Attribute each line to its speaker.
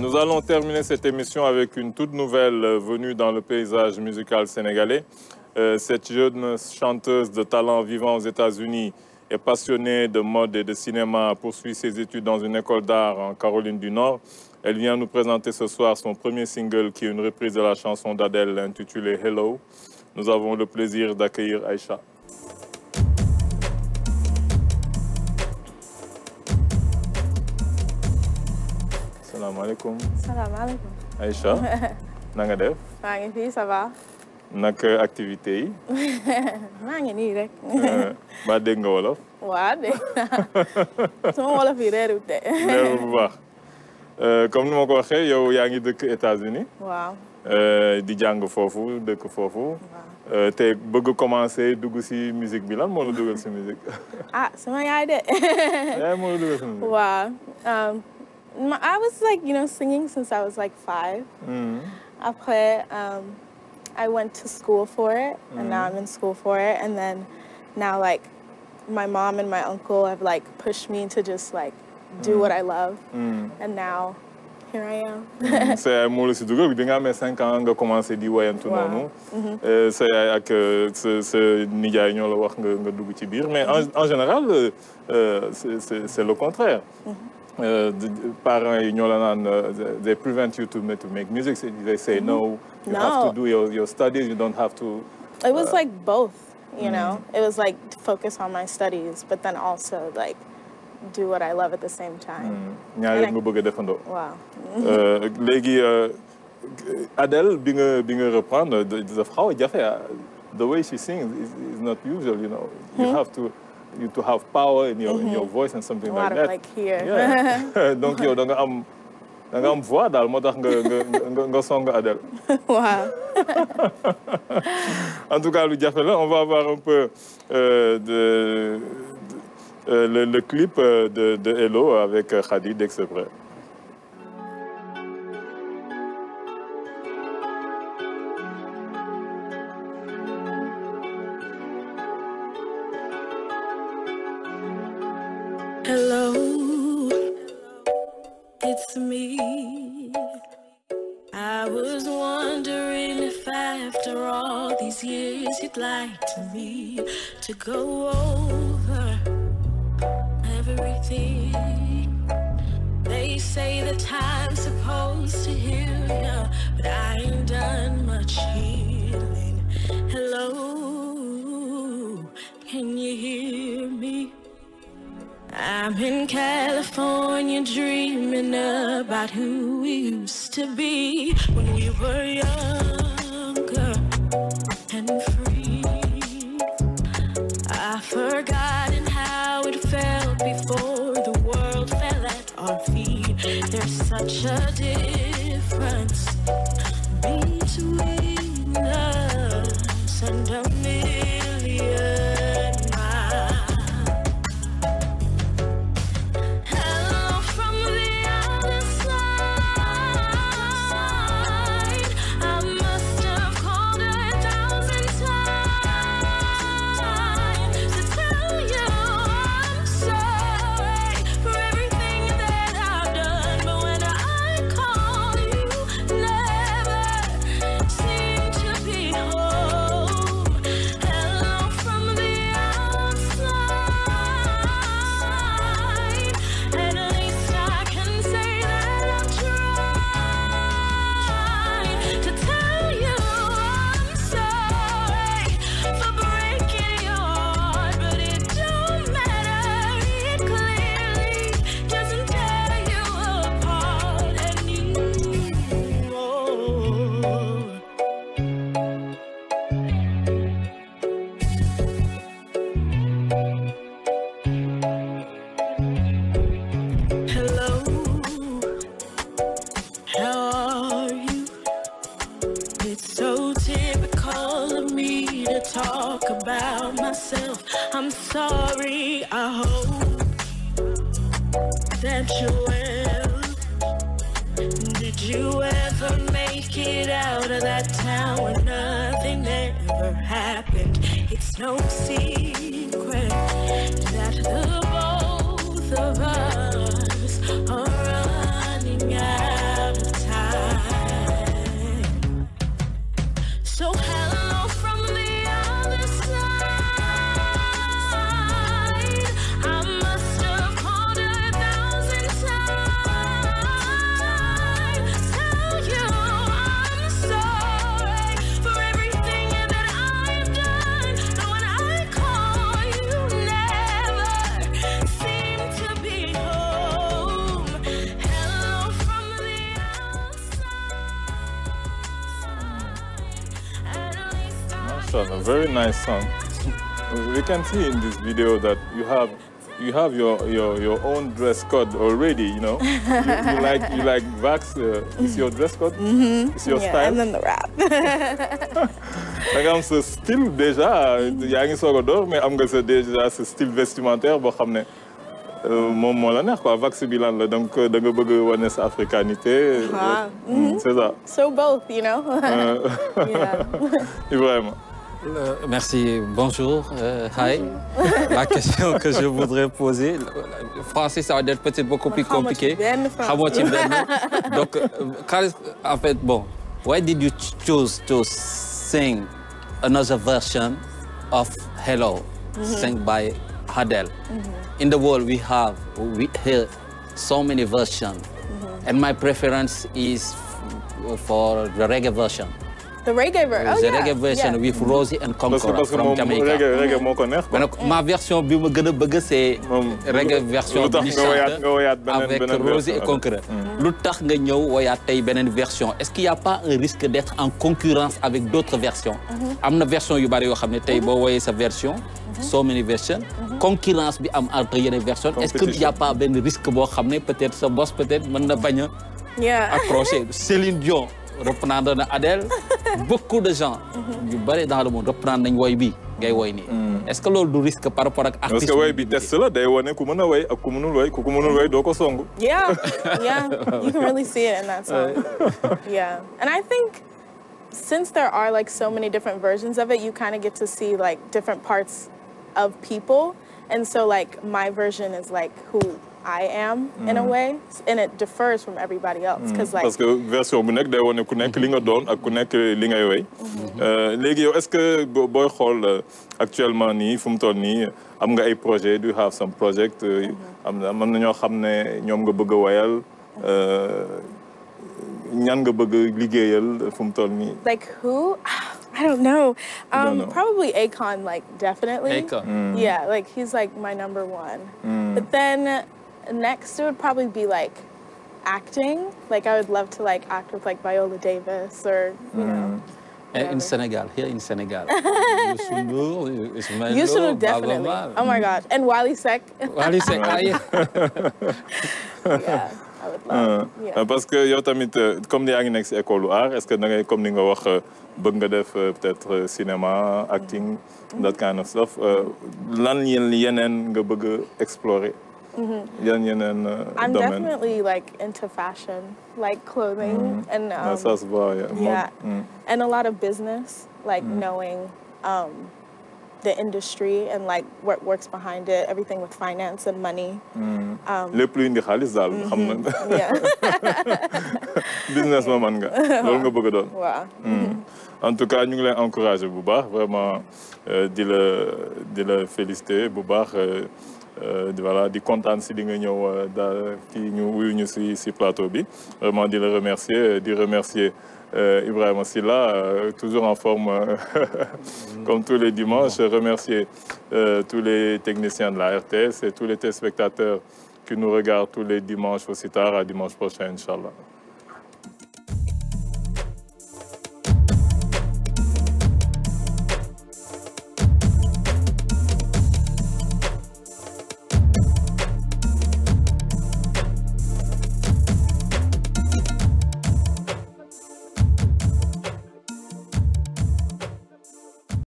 Speaker 1: Nous allons terminer cette émission avec une toute nouvelle euh, venue dans le paysage musical sénégalais. Euh, cette jeune chanteuse de talent vivant aux États-Unis est passionnée de mode et de cinéma, poursuit ses études dans une école d'art en Caroline du Nord. Elle vient nous présenter ce soir son premier single qui est une reprise de la chanson d'Adèle intitulée Hello. Nous avons le plaisir d'accueillir Aïcha. salaamaaleykum.
Speaker 2: salaamaaleykum.
Speaker 1: Aïcha na nga def.
Speaker 2: maa ngi fii ça va.
Speaker 1: activité yi.
Speaker 2: maa nii rek. Eh,
Speaker 1: ba dégg nga wolof.
Speaker 2: waaw dégg naa wolof yi réeru te. réeru
Speaker 1: bu baax eh, comme ni ko waxee yow yaa ngi dëkk États-Unis waaw eh, di jàng foofu dëkk foofu. te bëgg commencer dugg si musique bi lan moo la dugal si musique.
Speaker 2: ah sama yaay de.
Speaker 1: yaay moo la dugal si musique.
Speaker 2: waaw. Um, my, I was like, you know, singing since I was like 5 mm. Après, um, I went to school for it, mm. and now I'm in school for it. And then now, like, my mom and my uncle have like pushed me to just like do mm. what I love.
Speaker 1: And
Speaker 2: now, here I am.
Speaker 1: c'est moi aussi du groupe. 5 ans commencé tout C'est ce ce mais en en général euh c'est le contraire. Mm -hmm. Uh, parents yi ñoo uh, they prevent you to make, to make music they say mm-hmm. no you no. have to do your, your studies you don't have to it was uh, like
Speaker 2: both you know mm-hmm. it was like focus on my studies but then also like do what I love at the same time.
Speaker 1: ñaar yëpp nga bëgg a defandoo. Adele bi nga bi nga reprendre the way she sings is, is not usual you know. you hmm? have to you to have power in your, mm -hmm. in mm-hmm. your voice and something like that. Like
Speaker 2: here. Yeah.
Speaker 1: Donc yo, da nga am da nga am voix daal moo tax nga nga nga song Adele. waaw. en tout cas lu jafe on va avoir un peu euh, de, de euh, le, le clip euh, de de Hello avec Khadid, dès que c'est prêt.
Speaker 3: Hello, it's me. I was wondering if after all these years you'd like to me to go over everything. They say the time's supposed to heal ya, but I ain't done much healing. Hello, can you? I'm in California dreaming about who we used to be when we were younger and free. I've forgotten how it felt before the world fell at our feet. There's such a difference between us and us. talk about myself. I'm sorry, I hope that you will. Did you ever make it out of that town where nothing ever happened? It's no secret that the
Speaker 1: song, a very nice song. we can see in this video that you have you have your, your, your own dress code already, you know. you, you like you like Vax. Uh, it's your dress code. Mm -hmm. It's your yeah, style. And then the rap. da nga am sa style déjà yaa ngi soog a door mais am nga déjà sa style vestimentaire boo xam ne euh, moom moo la neex quoi Vax bilan lan la donc euh, da nga bëgg wane sa africanité. Ah, mm-hmm. Mm-hmm. c'est ça.
Speaker 2: so both you know.
Speaker 4: Ibrahima. Euh. Euh, merci, bonjour. Euh, hi. La question que je voudrais poser, le français, ça va être peut-être beaucoup plus compliqué. Donc, euh, en fait, bon, why did you choose to sing another version of Hello, mm-hmm. sung by Hadel? Mm-hmm. In the world, we have, we hear so many versions, mm-hmm. and my preference is for the reggae version.
Speaker 2: The Reggae version. Oh, the yeah. reggae version yeah.
Speaker 4: with Rosie and Conqueror. parce que, from Jamaica. Reggae, reggae mon ma version bi ma gën a bëgg c'est reggae version bi avec Rosie et Conqueror. Mm. lu nga ñëw woyaat version est-ce qu'il y a pas un risque d'être en concurrence avec d'autres versions. Mm-hmm. am version yu bari yo xam tay bo mm-hmm. boo sa version. Mm-hmm. so many versions. concurrence bi am entre yene versions. est-ce qu'il n'y a pas ben risque bo xam peut-être sa boss peut-être mën na bañ croiser. accrocher Céline Dion reprenant na Adèle. beaucoup de gens mm-hmm. yu bëri dans nañ woy bi ngay woy nii mm. est-ce que loolu du risque par rapport ak artiste parce que woy
Speaker 1: bi test la day wone ku mën a ak ku mënul woy ku ku mënul woy doo ko yeah yeah you
Speaker 2: can really see it in that song yeah and I think since there are like so many different versions of it you kind of get to see like different parts of people and so like my version is like who I am in a mm-hmm. way and it differs from everybody else because mm. like Because
Speaker 1: que version bu nekk day wone ku linga li nga doon ak ku nekk li ngay woy mm-hmm. euh, léegi est-ce que booy xool euh, actuellement nii fu mu am nga ay projet do you have some project euh, mm-hmm. am na am na ñoo xam ne ñoom nga bëgg
Speaker 2: like who I don't know. Um, don't know. Probably Akon, like definitely. Akon. Mm. Yeah, like he's like my number one. Mm. But then Next, it would probably be like acting. Like I would love to like act with like Viola Davis or
Speaker 4: you mm. know. Eh, whatever. In Senegal, here in
Speaker 1: Senegal, You should eh, Ismail, definitely. Blah, blah. Oh my mm.
Speaker 2: gosh, and Wally Sek.
Speaker 3: Wally Sek, ah, yeah.
Speaker 1: Uh, uh, parce que yow tamit euh, comme yaa ngi nekk si école lu art est-ce que da ngay comme ni nga wax euh, bëgg nga def euh, peut-être cinéma acting mm. that kind of stuff lan yeneen nga bëgg explorer mm -hmm. Yanyan and uh, I'm Domin. definitely
Speaker 2: like into fashion, like clothing mm -hmm. and um, that's us well,
Speaker 1: yeah. Yeah, mm.
Speaker 2: and a lot of business, like mm. knowing um, the industry and like what works behind it, everything with finance and money. Mm. Um, Le
Speaker 1: plus indi xaalis daal business ma man nga. loolu nga bëgg doon.
Speaker 2: Mm. Mm-hmm.
Speaker 1: en tout cas ñu ngi lay encouragé bu baax vraiment euh, di la di la félicité bu baax. Euh, Euh, voilà di content de li nga ñëw euh, plateau vraiment euh, di le remercier di remercier ibrahim Silla toujours en forme comme tous les dimanches remercier tous les techniciens de la RTS et tous les téléspectateurs qui nous regardent tous les dimanches aussi tard à dimanche prochain inchallah